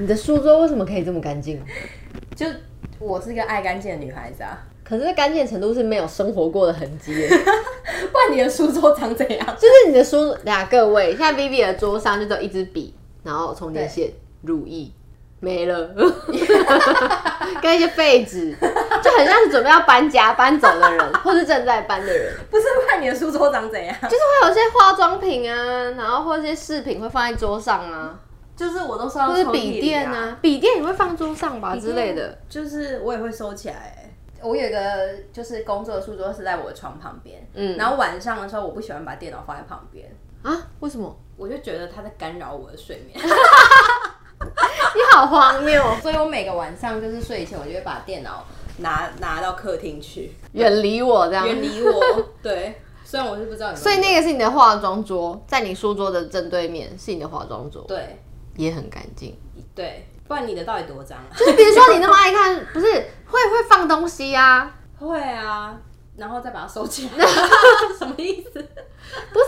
你的書桌為什麼可以這麼乾淨？就我是一個愛乾淨的女孩子啊，可是乾淨的程度是沒有生活過的痕跡。換 你的書桌長怎樣？就是你的書，倆各位，現在 Vivi 的桌上就只有一支筆，然後充電線、乳液對沒了， 跟一些廢紙，就很像是準備要搬家、搬走的人， 或是正在搬的人。不是，換你的書桌長怎樣？就是會有一些化妝品啊，然後或一些飾品會放在桌上啊。就是我都收，或是筆電啊，筆電也會放桌上吧之類的。就是我也會收起來、欸。我有個就是工作的書桌是在我的床旁邊，嗯，然後晚上的時候我不喜歡把電腦放在旁邊啊。為什麼？我就覺得它在干擾我的睡眠。 你好荒謬，哦！所以我每個晚上就是睡前，我就會把電腦拿 拿到客廳去，遠離我這樣，遠離我。對， 雖然我是不知道。所以那個是你的化妝桌，在你書桌的正對面是你的化妝桌，對。也很乾淨，對，不然你的到底多髒？就是比如說你那麼愛看， 不是會不會放東西啊？會啊，然後再把它收起來， 什麼意思？不是，就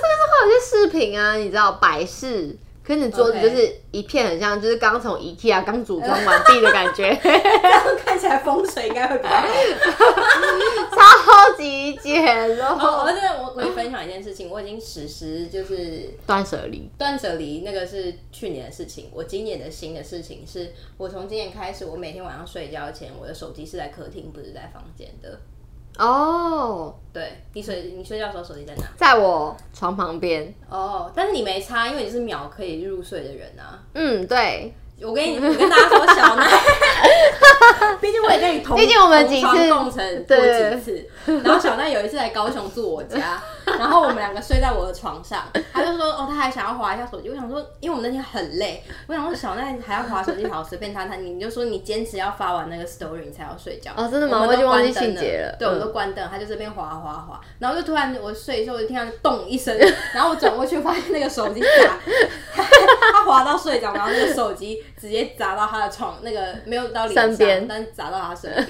是會有些飾品啊，你知道擺飾。百事跟著桌子就是一片很像，Okay. 就是剛從 IKEA 剛組裝完畢的感覺， 這樣看起來風水應該會比較好， 超級簡陋。而且我，我分享一件事情，啊、我已經實施就是斷捨離。斷捨離那個是去年的事情，我今年的新的事情是我從今年開始，我每天晚上睡覺前，我的手機是在客廳，不是在房間的。哦，oh, 對，你睡你睡覺的時候手機在哪？在我床旁邊。哦，oh, 但是你沒插，因為你是秒可以入睡的人啊。嗯，對。我跟你，我跟大家說，小奈，畢竟我也跟你同，畢竟我們幾次共枕過幾次。然後小奈有一次來高雄住我家，然後我們兩個睡在我的床上，他就說哦，他還想要滑一下手機。我想說，因為我們那天很累，我想說小奈還要滑手機，好隨便他。他你就說你堅持要發完那個 story，你才要睡覺。哦，真的嗎？我就忘記關燈了。對，我都關燈，他就這邊滑滑滑，然後就突然我睡的時候，我就聽到咚一聲，然後我轉過去發現那個手機砸。他滑到睡着，然後那個手機直接砸到他的床，那個沒有到臉上，邊但砸到他身邊。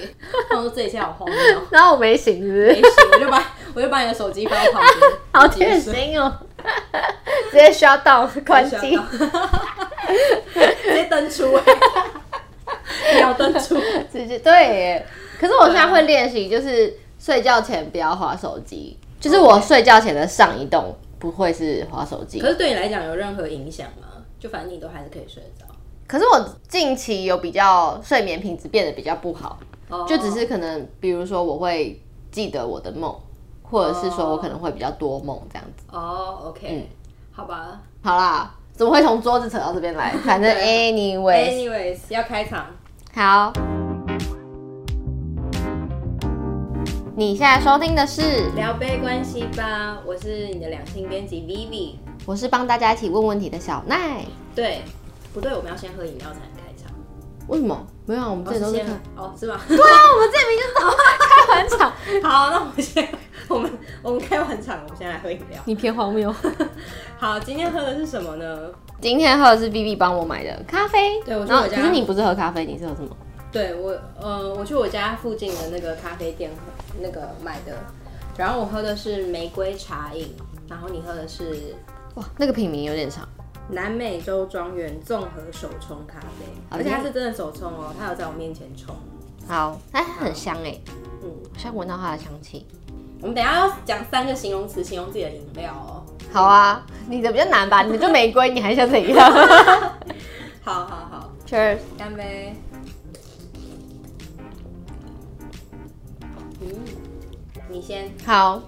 他說：“這一切好荒謬。”然後我沒醒是不是？沒醒，我就把我就把你的手機放在旁邊， 好貼心哦。直接 shut down 關機， 直接登出、欸，不要登出，直接對耶。可是我現在會練習，就是睡覺前不要滑手機，就是我睡覺前的上一動不會是滑手機。Okay. 可是對你來講有任何影響嗎？就反正你都還是可以睡得着，可是我近期有比較睡眠品質變得比較不好，oh. 就只是可能，比如說我會記得我的夢，oh. 或者是說我可能會比較多夢這樣子。哦，oh, OK，嗯，好吧，好啦，怎麼會從桌子扯到這邊來？反正，Anyway，Anyways，要開場，好。 你現在收聽的是《聊杯關係吧》，我是你的兩性編輯 Vivi。我是幫大家一起問問題的小奈。對，不對？我們要先喝飲料才能開場。為什麼？沒有啊，我們這都哦，是吧？哦、是嗎 對啊，我們這邊就等開完場。好，那我們先，我們我們開完場，我們先來喝飲料。你偏荒謬。 好，今天喝的是什麼呢？今天喝的是 B B 幫我買的咖啡。對，我去我家。可是你不是喝咖啡，你是喝什麼？對我，呃，我去我家附近的那個咖啡店，那個買的。然後我喝的是玫瑰茶飲，然後你喝的是。哇，那個品名有點長，南美洲莊園綜合手沖咖啡，嗯、而且它是真的手沖哦，它有在我面前沖。好，哎，很香哎、欸，嗯好，我現在聞到它的香氣。我們等一下要講三個形容詞形容自己的飲料哦。好啊，你的比較難吧？你就玫瑰， 你還想怎樣？ 好好好，Cheers，乾杯。嗯，你先好。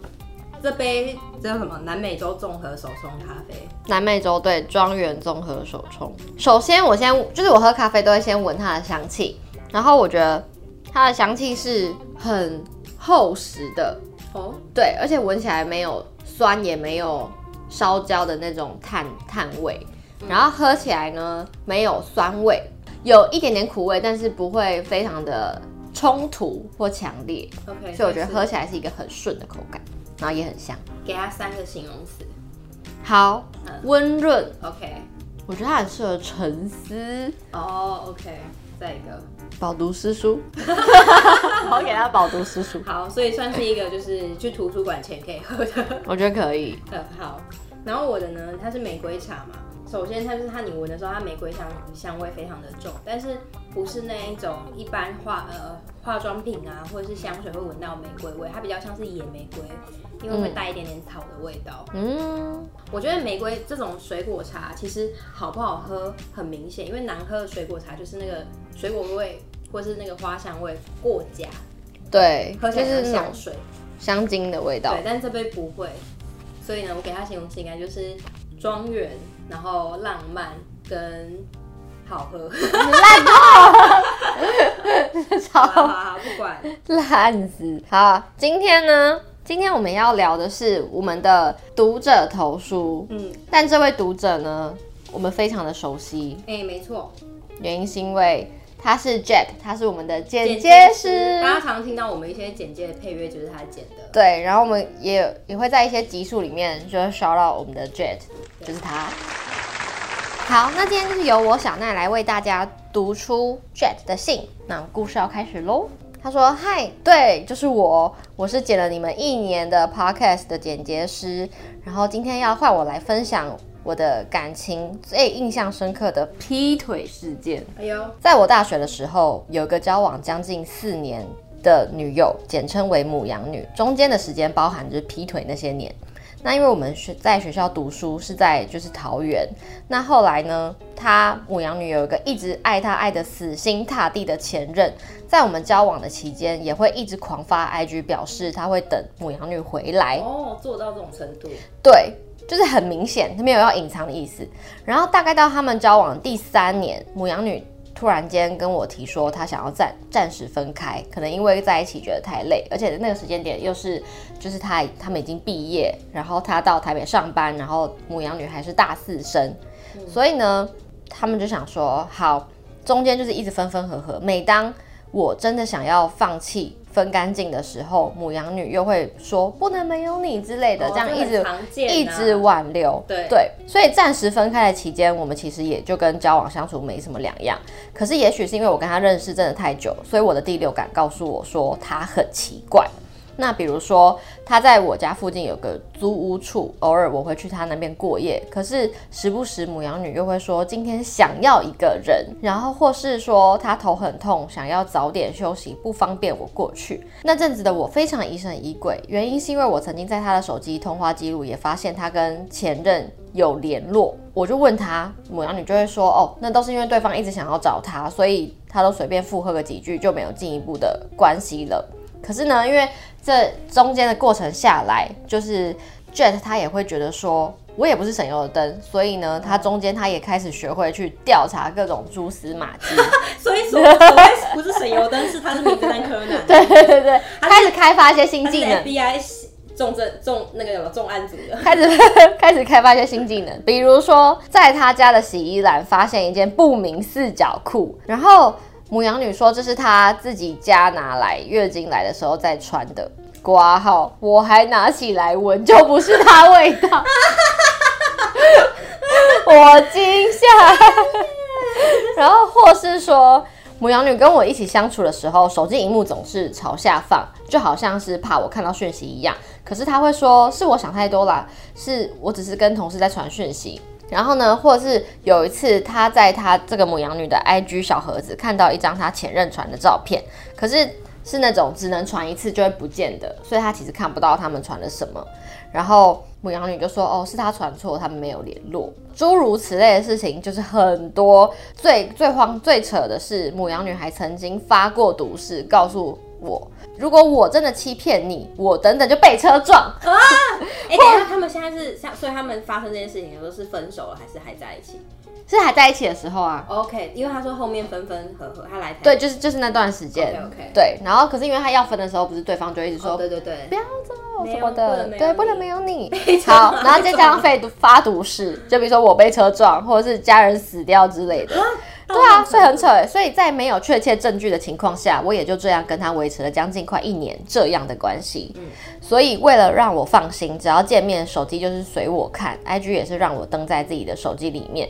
這杯叫什麼？南美洲綜合手沖咖啡。南美洲對莊園綜合手沖。首先，我先就是我喝咖啡都會先聞它的香氣，然後我覺得它的香氣是很厚實的哦，對，而且聞起來沒有酸，也沒有燒焦的那種碳碳味。然後喝起來呢，嗯、沒有酸味，有一點點苦味，但是不會非常的衝突或強烈。OK，所以我覺得喝起來是一個很順的口感。然後也很香，給他三個形容詞，好，溫潤，OK，我覺得他很適合沉思，哦、oh，OK，再一個，飽讀詩書，好， 給他飽讀詩書，好，所以算是一個就是去圖書館前可以喝的，我覺得可以，嗯，好，然後我的呢，它是玫瑰茶嘛。首先，它就是它，你聞的時候，它玫瑰香香味非常的重，但是不是那一種一般化呃化妝品啊，或者是香水會聞到玫瑰味，它比較像是野玫瑰，因為會帶一點點草的味道。嗯，我覺得玫瑰這種水果茶其實好不好喝很明顯，因為難喝的水果茶就是那個水果味或是那個花香味過假，對，喝起來是香水、香精的味道。對，但這杯不會，所以呢，我給它形容詞應該就是莊園。然後浪漫跟好喝，爛 透， 超，好啦好啦，不管爛字。好，今天呢，今天我們要聊的是我們的讀者投書，嗯，但這位讀者呢，我們非常的熟悉，哎、欸，沒錯，原因是因為。他是 Jack，他是我們的剪接，剪接師。大家常聽到我們一些剪接的配樂就是他剪的。對，然後我們也也會在一些集數裡面就會 shout 到我們的 Jack，對就是他。好，那今天就是由我小奈來為大家讀出 Jack 的信。那故事要開始嘍。他說：嗨，對，就是我，我是剪了你們一年的 podcast 的剪接師。然後今天要換我來分享。我的感情最印象深刻的劈腿事件，哎呦，在我大學的時候，有一個交往將近四年的女友，簡稱為母羊女，中間的時間包含着劈腿那些年。那因為我們學在學校讀書是在就是桃園，那後來呢，她母羊女有一個一直愛她愛得死心塌地的前任，在我們交往的期間，也會一直狂發 IG 表示她會等母羊女回來。哦，做到這種程度，對。就是很明顯，他沒有要隱藏的意思。然後大概到他們交往第三年，牡羊女突然間跟我提說，她想要暫暫時分開，可能因為在一起覺得太累，而且那個時間點又是就是他他們已經畢業，然後他到台北上班，然後牡羊女還是大四生，嗯、所以呢，他們就想說好，中間就是一直分分合合。每當我真的想要放棄。分乾淨的時候，牡羊女又會說不能沒有你之類的，這樣一直、哦啊、一直挽留，對，對，所以暫時分開的期間，我們其實也就跟交往相處沒什麼兩樣。可是也許是因為我跟他認識真的太久，所以我的第六感告訴我說他很奇怪。那比如說，他在我家附近有個租屋處，偶爾我會去他那邊過夜。可是時不時牡羊女又會說今天想要一個人，然後或是說他頭很痛，想要早點休息，不方便我過去。那陣子的我非常疑神疑鬼，原因是因為我曾經在他的手機通話記錄也發現他跟前任有聯絡，我就問他，牡羊女就會說哦，那都是因為對方一直想要找他，所以他都隨便附和個幾句，就沒有進一步的關係了。可是呢，因為這中間的過程下來，就是 Jet 他也會覺得說，我也不是省油的燈，所以呢，他中間他也開始學會去調查各種蛛絲馬跡。 所以，所謂不是省油燈，是他是名偵探柯南。對對對對，他是開始開發一些新技能。B I 重重那個什麼重案組的，開始開始開發一些新技能，比如說在他家的洗衣籃發現一件不明四角褲，然後。牡羊女說：“這是她自己家拿來月經來的時候再穿的。”括號，我還拿起來聞，就不是她味道， 我驚嚇。 然後或是說，牡羊女跟我一起相處的時候，手機螢幕總是朝下放，就好像是怕我看到訊息一樣。可是她會說：“是我想太多啦，是我只是跟同事在傳訊息。”然後呢，或是有一次，她在她這個牡羊女的 IG 小盒子看到一張她前任傳的照片，可是是那種只能傳一次就會不見的，所以她其實看不到他們傳了什麼。然後牡羊女就說：“哦，是她傳錯，他們沒有聯絡。”諸如此類的事情就是很多最。最最荒最扯的是，牡羊女還曾經發過毒誓，告訴。我如果我真的欺騙你，我等等就被車撞啊！哎、欸，哇他們現在是，所以他們發生這件事情，的時候是分手了還是還在一起？是還在一起的時候啊？OK，因為他說後面分分合合，他來對，就是就是那段時間。OK，, okay. 對，然後可是因為他要分的時候，不是對方就一直說，oh, 對,對對對，不要走什麼的，對，不能沒有你。好,好，然後再加上廢毒發毒誓， 就比如說我被車撞，或者是家人死掉之類的。啊對啊，所以很扯。所以在沒有確切證據的情況下，我也就這樣跟他維持了將近快一年這樣的關係。嗯、所以為了讓我放心，只要見面，手機就是隨我看，IG 也是讓我登在自己的手機裡面。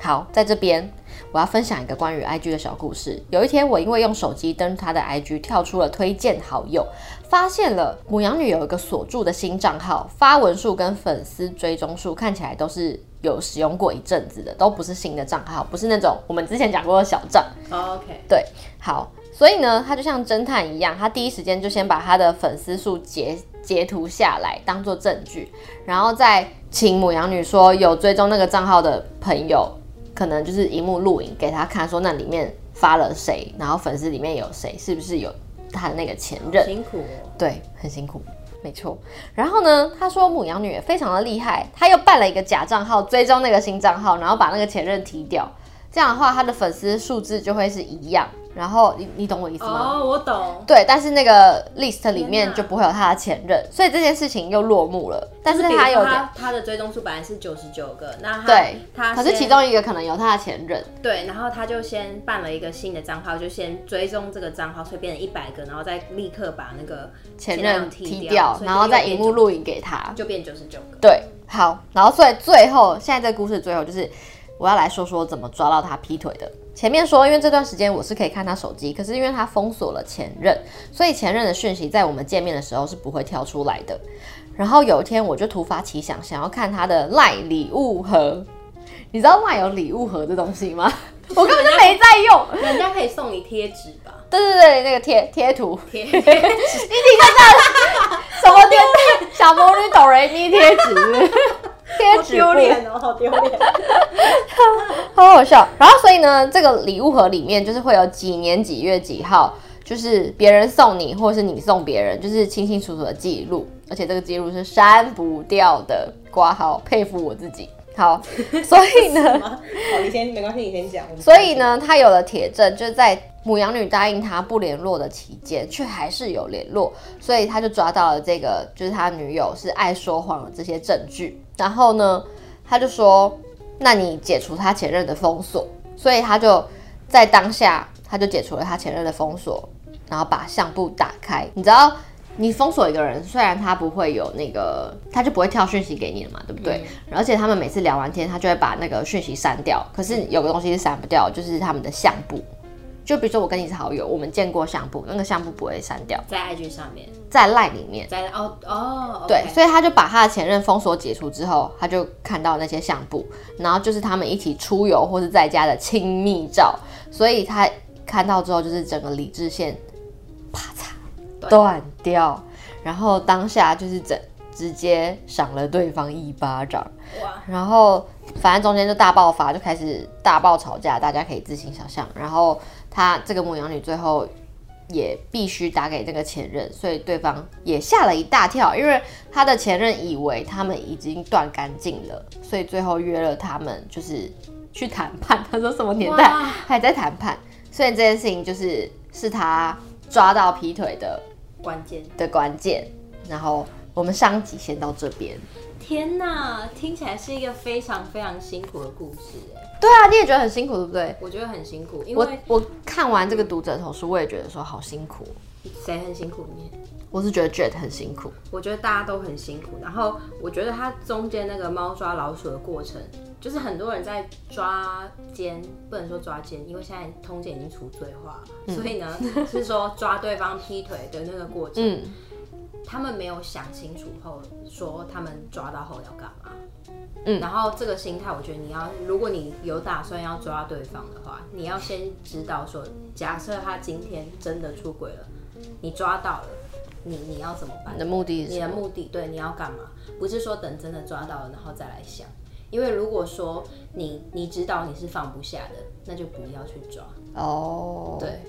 好，在這邊我要分享一個關於 IG 的小故事。有一天，我因為用手機登他的 IG，跳出了推薦好友，發現了牡羊女有一個鎖住的新賬號，發文數跟粉絲追蹤數看起來都是。有使用過一陣子的，都不是新的賬號，不是那種我們之前講過的小賬。Oh, OK，對，好，所以呢，他就像偵探一樣，他第一時間就先把他的粉絲數截截圖下來，當做證據，然後再請牡羊女說，有追蹤那個賬號的朋友，可能就是熒幕錄影給他看，說那裡面發了誰，然後粉絲裡面有誰，是不是有他的那個前任？辛苦哦。對，很辛苦。沒錯，然後呢，他說牡羊女也非常的厲害，他又辦了一個假賬號，追蹤那個新賬號，然後把那個前任踢掉。這樣的話，他的粉絲數字就會是一樣。然後你你懂我意思嗎？哦，oh, 我懂。對，但是那個 list 裡面就不會有他的前任，哪所以這件事情又落幕了。但是他有是他，他的追蹤數本來是九十九個，那他對，他先可是其中一個可能有他的前任。對，然後他就先辦了一個新的賬號，就先追蹤這個賬號，所以變成一百個，然後再立刻把那個前任踢掉，踢掉然後再熒幕錄影給他，就變九十九個。對，好，然後所以最後現在這個故事最後就是。我要來說說怎麼抓到他劈腿的。前面說，因為這段時間我是可以看他手機，可是因為他封鎖了前任，所以前任的訊息在我們見面的時候是不會跳出來的。然後有一天我就突發奇想，想要看他的 LINE 禮物盒。你知道 line 有禮物盒這東西嗎？是我根本就沒在用。人家可以送你貼紙吧？對對對，那個貼貼圖。你聽就知什麼電貼小魔女哆瑞咪貼紙。好丟臉哦，好丟臉，好好笑。然後所以呢，這個禮物盒裡面就是會有幾年幾月幾號，就是別人送你，或是你送別人，就是清清楚楚的記錄，而且這個記錄是刪不掉的。括號，好佩服我自己。好， 所以呢， 好，你先沒關係，你先講。所以呢， 他有了鐵證，就是在母羊女答應他不聯絡的期間，卻還是有聯絡，所以他就抓到了這個，就是他女友是愛說謊的這些證據。然後呢，他就說：“那你解除他前任的封鎖。”所以他就，在當下他就解除了他前任的封鎖，然後把相簿打開。你知道，你封鎖一個人，雖然他不會有那個，他就不會跳訊息給你了嘛，對不對？嗯、而且他們每次聊完天，他就會把那個訊息刪掉。可是有個東西是刪不掉，就是他們的相簿。就比如說我跟你是好友，我們見過相簿，那個相簿不會刪掉，在 IG 上面，在賴裡面，在哦哦、oh, oh, okay. 對，所以他就把他的前任封鎖解除之後，他就看到那些相簿，然後就是他們一起出遊或是在家的親密照，所以他看到之後就是整個理智線啪嚓斷掉，然後當下就是整直接賞了對方一巴掌，哇，然後反正中間就大爆發，就開始大爆吵架，大家可以自行想象，然後。他這個牧羊女最後也必須打給這個前任，所以對方也嚇了一大跳，因為他的前任以為他們已經斷乾淨了，所以最後約了他們就是去談判。他說什麼年代還在談判？哇所以這件事情就是是他抓到劈腿的，嗯、關鍵的關鍵。然後我們上集先到這邊。天哪，聽起來是一個非常非常辛苦的故事，欸對啊，你也覺得很辛苦，對不對？我覺得很辛苦，因為我，我看完這個讀者投訴，我也覺得說好辛苦。誰很辛苦？你？我是覺得 Jet 很辛苦。我覺得大家都很辛苦。然後我覺得他中間那個貓抓老鼠的過程，就是很多人在抓奸，不能說抓奸，因為現在通奸已經除罪化了。嗯。所以呢，是說抓對方劈腿的那個過程。嗯。他們沒有想清楚後，說他們抓到後要幹嘛？嗯，然後這個心態，我覺得你要，如果你有打算要抓對方的話，你要先知道說，假設他今天真的出軌了，你抓到了，你你要怎麼辦？你的目的是什麼？你的目的，對，你要幹嘛？不是說等真的抓到了然後再來想，因為如果說你你知道你是放不下的，那就不要去抓。哦、oh，對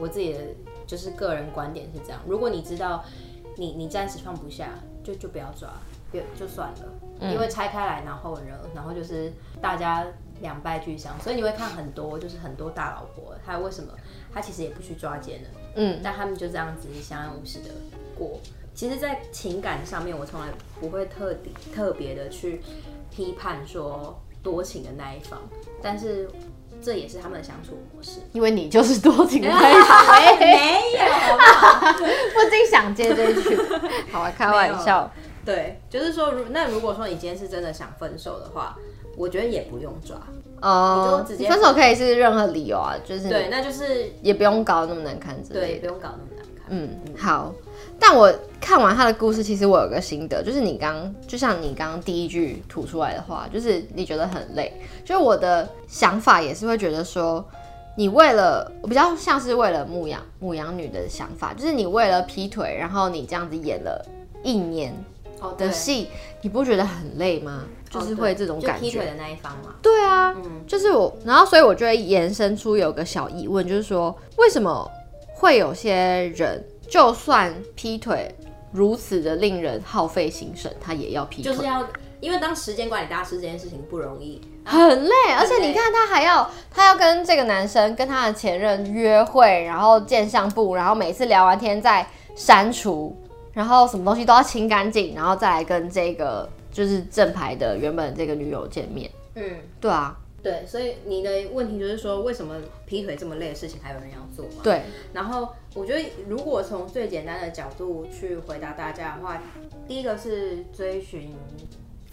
我自己的就是個人觀點是這樣，如果你知道。你你暫時放不下，就就不要抓，就就算了，嗯、因為拆開來，然後呢然後就是大家兩敗俱傷，所以你會看很多，就是很多大老婆，他為什麼他其實也不去抓奸呢？嗯，但他們就這樣子相安無事的過。其實，在情感上面，我從來不會特別特別的去批判說多情的那一方，但是。這也是他們的相處模式，因為你就是多情太深。欸欸、沒有，我不禁沒 想接這一句。 好啊，開玩笑。對，就是說，那如果說你今天是真的想分手的話，我覺得也不用抓哦，oh, 你就直接分手可以是任何理由啊，對就是對，那就是也不用搞那麼難看，對，不用搞那麼難看。嗯，好。但我看完他的故事，其實我有個心得，就是你剛就像你剛第一句吐出來的話，就是你覺得很累，就是我的想法也是會覺得說，你為了我比較像是為了牧羊、牧羊女的想法，就是你為了劈腿，然後你這樣子演了一年的戲，哦、你不覺得很累嗎？就是會這種感覺，哦、就劈腿的那一方嘛？對啊，嗯、就是我，然後所以我就會延伸出有個小疑問，就是說，為什麼會有些人？就算劈腿如此的令人耗費心神，他也要劈腿，就是要因為當時間管理大師這件事情不容易，啊，很累。對對對。而且你看，他還要他要跟這個男生跟他的前任約會，然後見相簿，然後每次聊完天再刪除，然後什麼東西都要清乾淨，然後再來跟這個就是正牌的原本這個女友見面。嗯，對啊。對，所以你的問題就是說，為什麼劈腿這麼累的事情還有人要做嗎？對。然後我覺得，如果從最簡單的角度去回答大家的話，第一個是追尋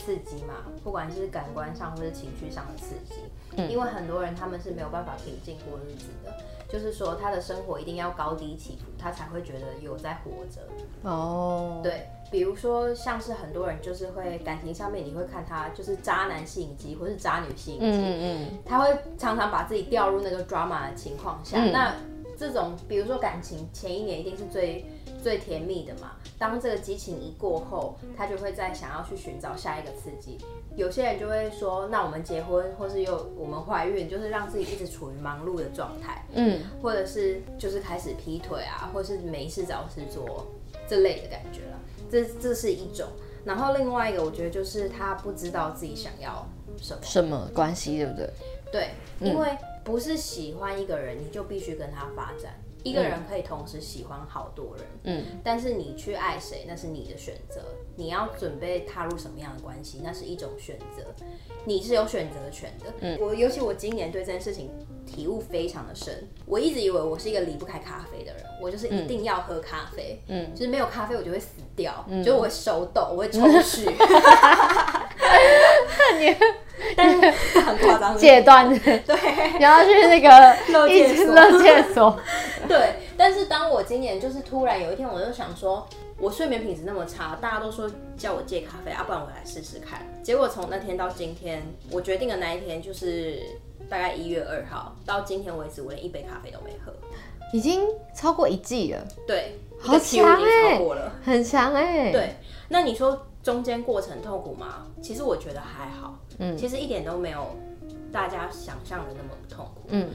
刺激嘛，不管是感官上或是情緒上的刺激，嗯、因為很多人他們是沒有辦法平靜過日子的。就是說，他的生活一定要高低起伏，他才會覺得有在活着。哦，oh. 對，比如說像是很多人就是會感情上面，你會看他就是渣男心機或者是渣女心機。、mm，嗯、hmm. 嗯，他會常常把自己掉入那個 drama 的情況下。Mm hmm. 那這種比如說感情前一年一定是最。最甜蜜的嘛，當這個激情一過後，他就會再想要去尋找下一個刺激。有些人就會說，那我們結婚，或是又我們懷孕，就是讓自己一直處於忙碌的狀態，嗯，或者是就是開始劈腿啊，或是沒事找事做這類的感覺了。這這是一種，然後另外一個我覺得就是他不知道自己想要什麼什麼關係，對不對？對，嗯，因為不是喜歡一個人，你就必須跟他發展。一個人可以同時喜歡好多人，嗯，但是你去愛誰，那是你的選擇。你要準備踏入什麼樣的關係，那是一種選擇。你是有選擇權的。嗯，我尤其我今年對這件事情體悟非常的深。我一直以為我是一個離不開咖啡的人，我就是一定要喝咖啡，嗯，就是沒有咖啡我就會死掉，就就我會手抖，我會抽搐，但是很誇張，戒斷，對，然後去那個勒戒所。對，但是當我今年就是突然有一天，我就想說，我睡眠品質那麼差，大家都說叫我戒咖啡，啊不然我來試試看。結果從那天到今天，我決定的那一天就是大概一月二號，到今天為止，我連一杯咖啡都沒喝，已經超過一季了。對，好強哎，超過了，欸、很強哎、欸。對，那你說中間過程痛苦嗎？其實我覺得還好，嗯，其實一點都沒有大家想象的那麼痛苦，嗯。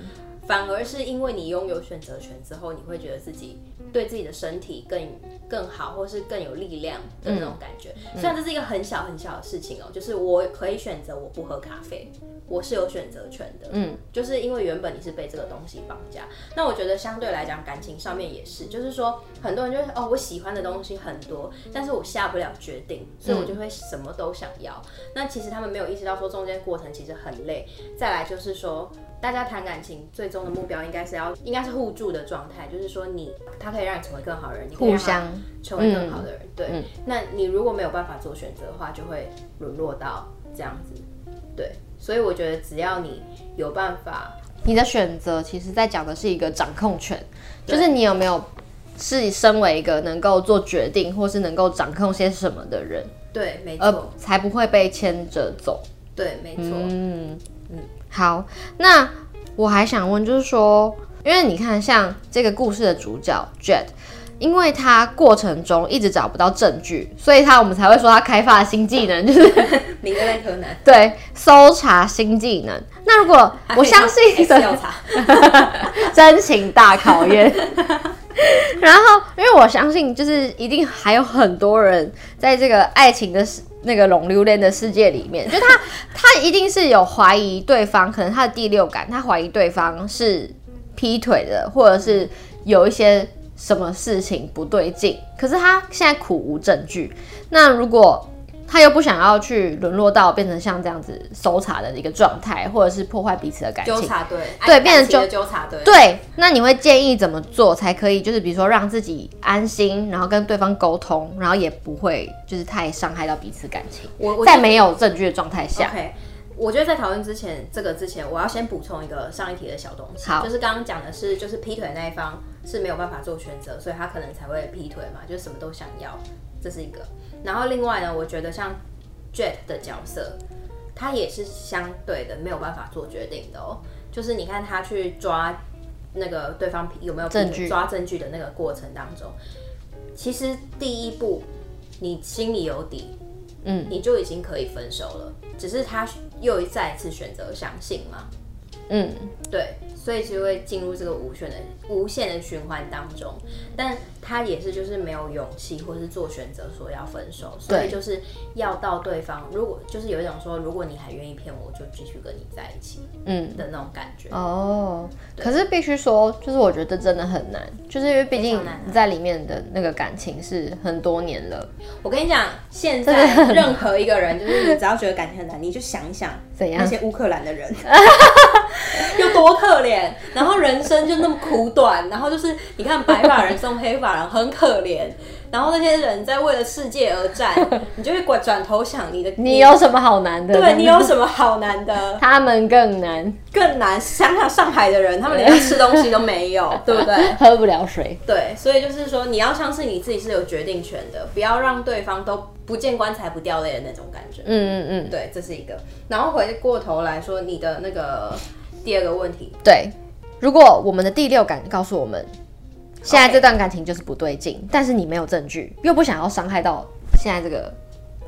反而是因為你擁有選擇權之後，你會覺得自己對自己的身體更更好，或是更有力量的那種感覺。嗯、雖然這是一個很小很小的事情哦、喔，嗯、就是我可以選擇我不喝咖啡，我是有選擇權的。嗯，就是因為原本你是被這個東西綁架，那我覺得相對來講感情上面也是，就是說很多人就是哦，我喜歡的東西很多，但是我下不了決定，所以我就會什麼都想要。嗯、那其實他們沒有意識到說中間過程其實很累。再來就是說。大家談感情，最終的目標應該是要應該是互助的狀態，就是說你他可以讓你成為更好的人，你互相你成為更好的人。嗯、對，嗯、那你如果沒有辦法做選擇的話，就會淪落到這樣子。對，所以我覺得只要你有辦法，你的選擇其實在講的是一個掌控權，對就是你有沒有是身為一個能夠做決定或是能夠掌控些什麼的人。對，沒錯，而才不會被牽着走。對，沒錯、嗯。嗯嗯。好，那我還想問，就是說，因為你看，像這個故事的主角 Jet，因為他過程中一直找不到證據，所以他我們才會說他開發的新技能，就是你的爛頭男，對，搜查新技能。那如果我相信搜查，真情大考驗。 然後，因為我相信，就是一定還有很多人在這個愛情的、那個龍流蓮的世界裡面，就他，他一定是有懷疑對方，可能他的第六感，他懷疑對方是劈腿的，或者是有一些什麼事情不對勁，可是他現在苦無證據。那如果他又不想要去淪落到變成像這樣子搜查，的一個狀態，或者是破壞彼此的感情糾察隊，察對，變成糾糾察隊，對。那你會建議怎麼做才可以？就是比如說讓自己安心，然後跟對方溝通，然後也不會就是太傷害到彼此感情。我，我在沒有證據的狀態下。Okay, 我覺得在討論之前，這個之前我要先補充一個上一題的小東西，好就是剛剛講的是，就是劈腿那一方是沒有辦法做選擇，所以他可能才會劈腿嘛，就什麼都想要，這是一個。然後另外呢，我覺得像 Jet 的角色，他也是相對的沒有辦法做決定的哦。就是你看他去抓那個對方據有沒有證據抓證據的那個過程當中，其實第一步你心裡有底，嗯，你就已經可以分手了。只是他又再一次選擇相信嘛，嗯，對。所以就會進入這個無限的、無限的循環當中，但他也是就是沒有勇氣，或者是做選擇說要分手，對所以就是要到對方，如果就是有一種說，如果你還願意騙我，我就繼續跟你在一起，嗯的那種感覺。哦、嗯，對可是必須說，就是我覺得真的很難，就是因為畢竟你在裡面的那個感情是很多年了。啊、我跟你講，現在任何一個人，就是你只要覺得感情很難， 你就想一想，怎樣那些烏克蘭的人。 有 多可憐，然後人生就那麼苦短，然後就是你看白髮人送黑髮人 很可憐，然後那些人在為了世界而戰， 你就會轉轉頭想你的你有什麼好難的？對他們你有什麼好難的？他們更難，更難。想想上海的人，他們連吃東西都沒有， 對不對？喝不了水。對，所以就是說你要相信你自己是有決定權的，不要讓對方都不見棺材不掉淚的那種感覺。嗯嗯嗯，對，這是一個。然後回過頭來說你的那個。第二個問題，對，如果我們的第六感告訴我們，現在這段感情就是不對勁，Okay 但是你沒有證據，又不想要傷害到現在這個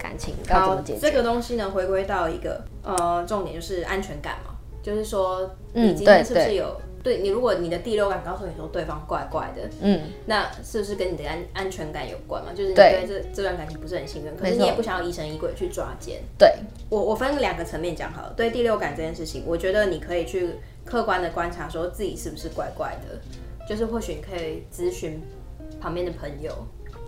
感情，要怎麼解決。這個東西呢，回歸到一個呃重點就是安全感嘛，就是說，嗯，你今天是不是有？對對對你，如果你的第六感告訴你說對方怪怪的，嗯，那是不是跟你的安安全感有關嘛？就是你對這對這段感情不是很信任，可是你也不想要疑神疑鬼去抓姦。對我，我分兩個層面講好了。對，第六感這件事情，我覺得你可以去客觀的觀察，說自己是不是怪怪的。就是或許你可以諮詢旁邊的朋友。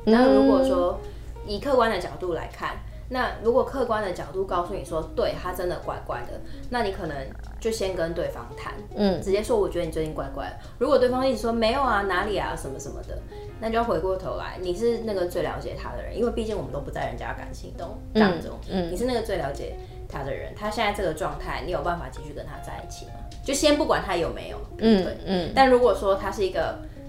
那如果說以客觀的角度來看。那如果客觀的角度告訴你說，對，他真的怪怪的，那你可能就先跟對方談，嗯，直接說我覺得你最近怪怪的。如果對方一直說沒有啊，哪裡啊，什麼什麼的，那就要回過頭來，你是那個最了解他的人，因為畢竟我們都不在人家感情懂當中，嗯嗯、你是那個最了解他的人，他現在這個狀態，你有辦法繼續跟他在一起嗎？就先不管他有沒有，嗯，對。嗯，但如果說他是一個，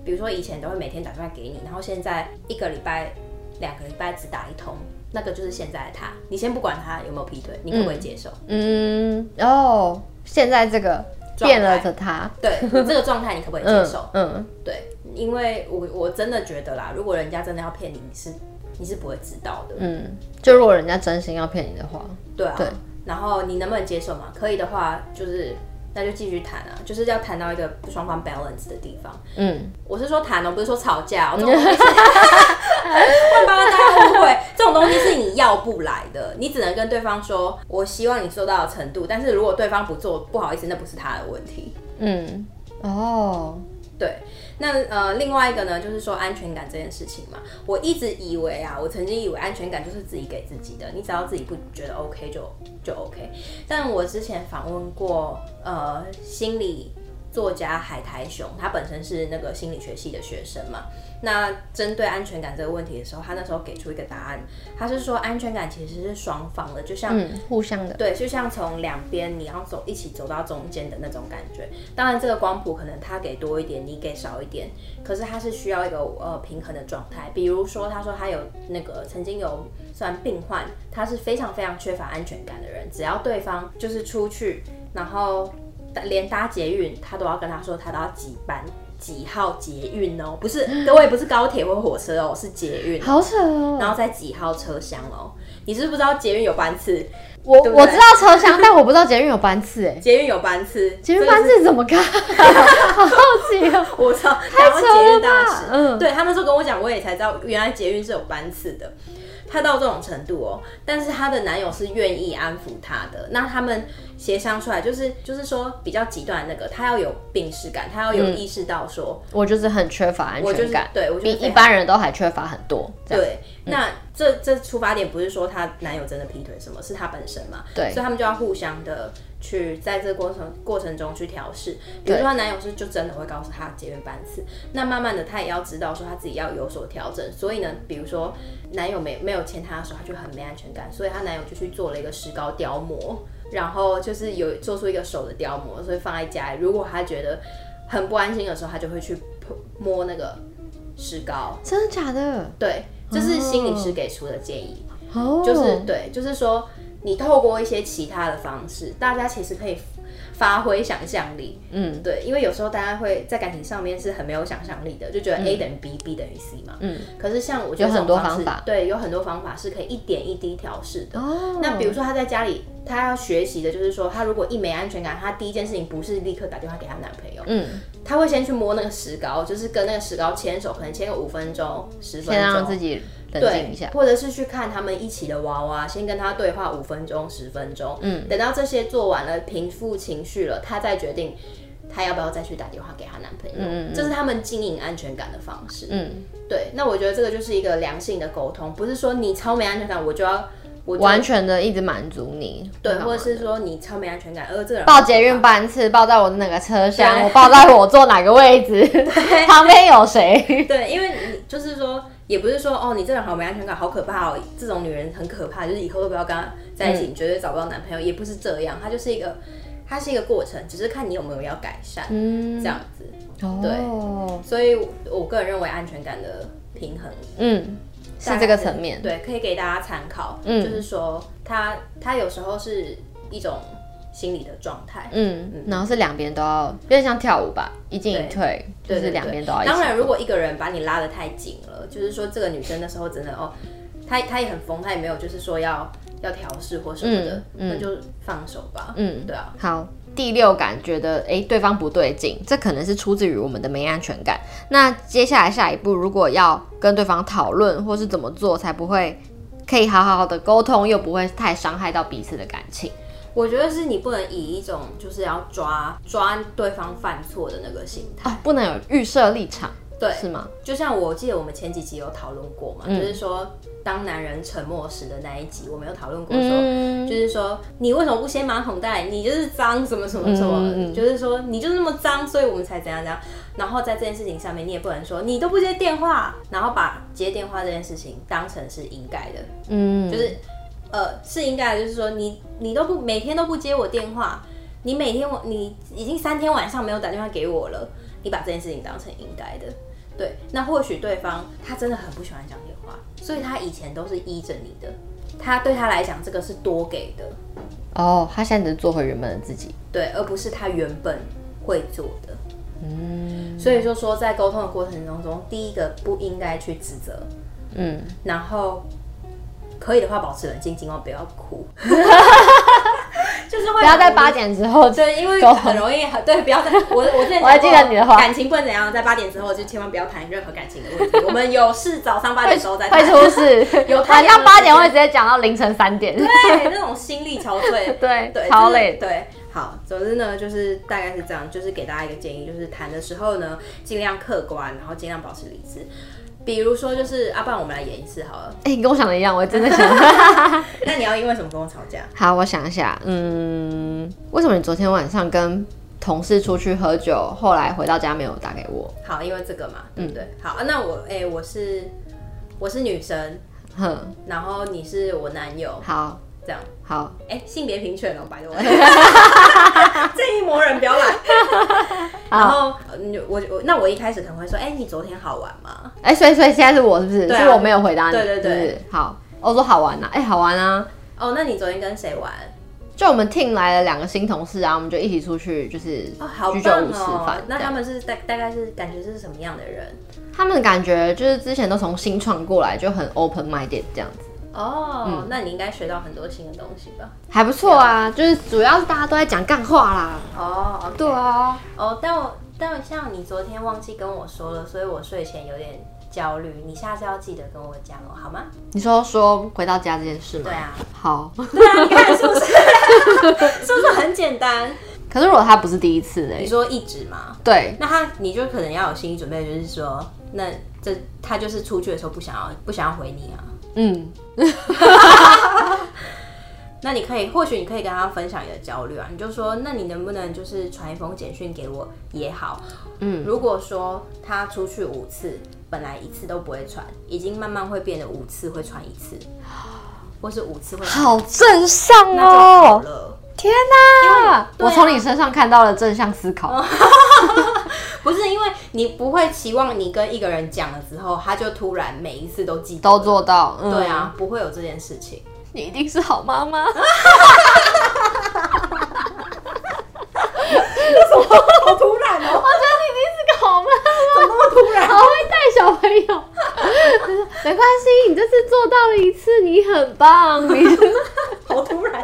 比如說以前都會每天打電話給你，然後現在一個禮拜、兩個禮拜只打一通，那個就是現在的他，你先不管他有沒有劈腿，你可不可以接受？嗯，然、嗯、後、哦、現在這個狀態變了的他，對 這個狀態你可不可以接受？嗯，嗯對，因為我我真的覺得啦，如果人家真的要騙你是，是你是不會知道的。嗯，就如果人家真心要騙你的話，嗯、對啊。對，然後你能不能接受嘛？可以的話，就是。那就繼續談啊，就是要談到一個雙方 balance 的地方。嗯，我是說談哦，不是說吵架。哦、 萬別大家誤會，這種東西是你要不來的，你只能跟對方說，我希望你做到的程度，但是如果對方不做，不好意思，那不是他的問題。嗯，哦、oh.，對。那呃，另外一個呢，就是說安全感這件事情嘛，我一直以為啊，我曾經以為安全感就是自己給自己的，你只要自己不覺得 OK 就就 OK。但我之前訪問過呃心理。作家海苔熊，他本身是那個心理學系的學生嘛。那針對安全感這個問題的時候，他那時候給出一個答案，他是說安全感其實是雙方的，就像、嗯、互相的，對，就像從兩邊你要走一起走到中間的那種感覺。當然，這個光譜可能他給多一點，你給少一點，可是他是需要一個呃平衡的狀態。比如說，他說他有那個曾經有算病患，他是非常非常缺乏安全感的人，只要對方就是出去，然後。連搭捷運，他都要跟他說，他都要幾班幾號捷運哦、喔，不是各位，不是高鐵或火車哦、喔，是捷運、喔，好扯哦、喔，然後在幾號車廂哦、喔？你是不是不知道捷運有班次？我對對我知道車廂，但我不知道捷運有班次 捷運有班次，捷運班次怎麼看？ 好好奇啊！我操，太扯了吧，然後捷運當時，嗯，對他們說跟我講，我也才知道，原來捷運是有班次的。她到這種程度哦、喔，但是她的男友是願意安撫她的，那他們協商出來、就是、就是就是說比較極端那個，她要有病識感，她要有意識到說、嗯，我就是很缺乏安全感，我就是、對，我就比一般人都還缺乏很多。對，嗯、那這這出發點不是說她男友真的劈腿什麼，是她本身嘛？對，所以他們就要互相的。去在這個過程過程中去調試，比如說她男友是就真的會告訴她結緣班次，對那慢慢的她也要知道說她自己要有所調整。所以呢，比如說男友沒沒有牽她的手，她就很沒安全感，所以她男友就去做了一個石膏雕模，然後就是有做出一個手的雕模，所以放在家裡。如果她覺得很不安心的時候，她就會去摸那個石膏。真的假的？對，這是就是心理師給出的建議，oh. 就是對，就是說。你透過一些其他的方式，大家其實可以發揮想象力，嗯，對，因為有時候大家會在感情上面是很沒有想象力的，就覺得 A 等於、嗯、B，B 等於 C 嘛，嗯，可是像我覺得很多方法，對，有很多方法是可以一點一滴調試的。哦、那比如說他在家裡，他要學習的就是說，他如果一沒安全感，他第一件事情不是立刻打電話給他男朋友，嗯，他會先去摸那個石膏，就是跟那個石膏牽手，可能牽個五分鐘、十分鐘，對，或者是去看他們一起的娃娃，先跟他對話五分鐘、十分鐘，嗯，等到這些做完了，平復情緒了，他再決定他要不要再去打電話給他男朋友。嗯，這是他們經營安全感的方式。嗯，對，那我覺得這個就是一個良性的溝通，不是說你超沒安全感，我就要我就完全的一直滿足你。對，或者是說你超沒安全感，呃，這個人報捷運班次，我報在我哪個車廂，報對在我坐哪個位置，對 旁邊有誰？對，因為你就是說。也不是說哦，你這個人好沒安全感，好可怕哦，這種女人很可怕，就是以後都不要跟她在一起，你絕對找不到男朋友。嗯、也不是這樣，它就是一個，它是一個過程，只是看你有沒有要改善，嗯、這樣子。對，哦、所以我個人認為安全感的平衡，嗯，是這個層面，對，可以給大家參考。嗯，就是說，她她有時候是一種。心理的狀態，嗯，嗯然後是兩邊都要，有點像跳舞吧，一進一退，對就是兩邊都要對對對對。當然，如果一個人把你拉得太緊了，就是說這個女生那時候真的哦，她她也很瘋，她也沒有就是說要要調適或什麼的，嗯、那就放手吧。嗯，對啊。好，第六感覺得哎、欸、對方不對勁，這可能是出自於我們的沒安全感。那接下來下一步，如果要跟對方討論或是怎麼做，才不會可以好好好的溝通，又不會太傷害到彼此的感情。我覺得是你不能以一種就是要抓抓對方犯錯的那個心態、哦、不能有預設立場，對，是嗎？就像我記得我們前幾集有討論過嘛，嗯、就是說當男人沉默時的那一集，我們有討論過說，嗯、就是說你為什麼不先馬桶袋？你就是髒什麼什麼什麼，嗯、就是說你就是那麼髒，所以我們才怎樣怎樣。然後在這件事情上面，你也不能說你都不接電話，然後把接電話這件事情當成是應該的，嗯，就是。呃，是應該的。就是說你你都不每天都不接我電話，你每天你已經三天晚上沒有打電話給我了，你把這件事情當成應該的，對，那或許對方他真的很不喜歡講電話，所以他以前都是依着你的，他對他來講這個是多給的，哦，他現在只做回原本的自己，對，而不是他原本會做的，嗯，所以就說在溝通的過程當中，第一個不應該去指責，嗯，然後。可以的話，保持冷靜，千萬不要哭。 就是不要在八點之後，對，因為很容易了對。不要在我我，我在我還記得你的話，感情不管怎樣，在八點之後就千萬不要談任何感情的問題。 我們有事早上八點時候再談會。會出事， 有談到八點會直接講 到凌晨三點， 對，那種心力憔悴，對 對，對超累，對。好，總之呢，就是大概是這樣，就是給大家一個建議，就是談的時候呢，儘量客觀，然後儘量保持理智。比如說，就是阿爸，啊、我們來演一次好了。哎、欸，你跟我想的一樣，我真的想。 那你要因為什麼跟我吵架？好，我想一下。嗯，為什麼你昨天晚上跟同事出去喝酒，後來回到家沒有打給我？好，因為這個嘛。對不對？嗯、好、啊，那我，哎、欸，我是我是女生。哼、嗯。然後你是我男友。好。這樣好，哎，性別平權，哦，擺脫我，建議魔人，不要來。然後我我那我一開始可能會說，哎，你昨天好玩嗎？哎，所以所以現在是我是不是？所以我沒有回答你，對對對，好，我說好玩吶，哎，好玩啊。哦，那你昨天跟誰玩？就我們 team 來了兩個新同事啊，我們就一起出去就是啊，好棒居酒屋吃飯，那他們是大大概是感覺是什麼樣的人？他們感覺就是之前都從新創過來，就很 open minded 這樣子。哦，那你應該學到很多新的東西吧？還不錯啊，就是主要是大家都在講幹話啦。哦，對啊，哦，但我但我像你昨天忘記跟我說了，所以我睡前有點焦慮。你下次要記得跟我講哦，好嗎？你說說回到家這件事嗎？對啊，好。對啊，你看是不是？是不是很簡單？可是如果他不是第一次呢？你說一直嘛。對，那他你就可能要有心理準備，就是說，那這他就是出去的時候不想要不想要回你啊。嗯。 那你可以，或許你可以跟他分享你的焦慮啊，你就說，那你能不能就是傳一封簡訊給我也好？嗯，如果說他出去五次，本來一次都不會傳，已經慢慢會變得五次會傳一次，或是五次會傳一次，好正向哦、喔。天哪，啊，啊，我從你身上看到了正向思考。 不是因為你不會期望你跟一個人講了之後，他就突然每一次都記得、啊、都做到。對、嗯、啊，不會有這件事情。你一定是好媽媽。 ky, 好突然哦、喔， 我覺得你一定是個好媽媽。怎麼那麼突然？好會帶小朋友。沒關係，你這次做到了一次，你很棒。你真的好突然，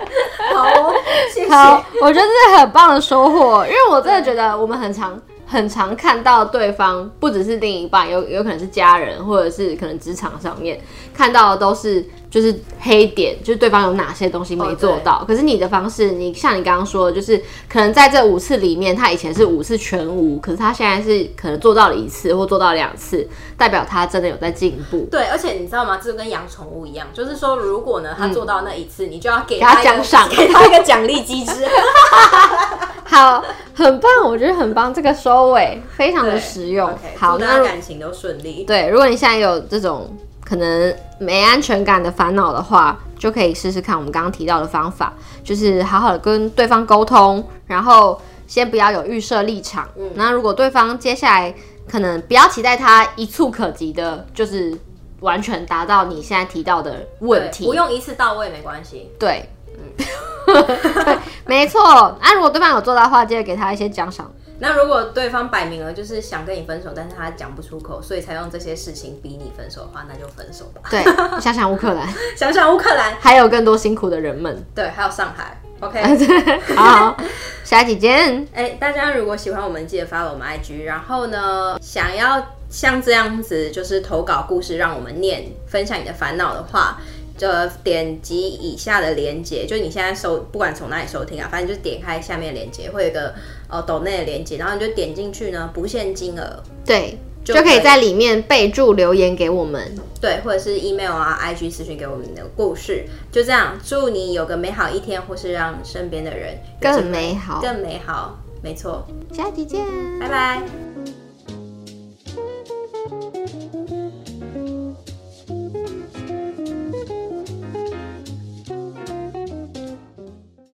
好謝謝好。我覺得這是很棒的收穫，因為我真的覺得我們很強。很常看到對方，不只是另一半，有有可能是家人，或者是可能職場上面看到的都是，就是黑點，就是對方有哪些東西沒做到。Oh, 對，可是你的方式，你像你剛剛說的，就是可能在這五次裡面，他以前是五次全無，可是他現在是可能做到了一次或做到兩次，代表他真的有在進步。對，而且你知道嗎？這就跟養寵物一樣，就是說如果呢他做到那一次，嗯、你就要給他獎賞，給他，給他一個獎勵機制。 好，很棒，我覺得很棒，這個收尾、欸、非常的實用。Okay, 好，那感情都順利。對，如果你現在有這種。可能沒安全感的煩惱的話，就可以試試看我們剛剛提到的方法，就是好好的跟對方溝通，然後先不要有預設立場。嗯，那如果對方接下來可能不要期待他一蹴可及的，就是完全達到你現在提到的問題，不用一次到位沒關係。對，嗯， 沒錯。那如果對方有做到的話，記得給他一些獎賞。那如果對方擺明了就是想跟你分手，但是他講不出口，所以才用這些事情逼你分手的話，那就分手吧。對，想想烏克蘭， 想想烏克蘭，還有更多辛苦的人們。對，還有上海。OK， 好,好，下期見。哎、欸，大家如果喜歡我們，記得 follow 我們 IG。然後呢，想要像這樣子，就是投稿故事讓我們念，分享你的煩惱的話，就點擊以下的連結。就你現在收，不管從哪裡收聽啊，反正就點開下面連結，會有一個。哦，斗內的鏈接，然後你就點進去呢，不限金額，對，就可，就可以在裡面備注留言給我們，對，或者是 email 啊、IG 私訊給我們的故事，就這樣。祝你有個美好一天，或是讓身邊的人更美好，更美好，沒錯。下期見，嗯嗯，拜拜。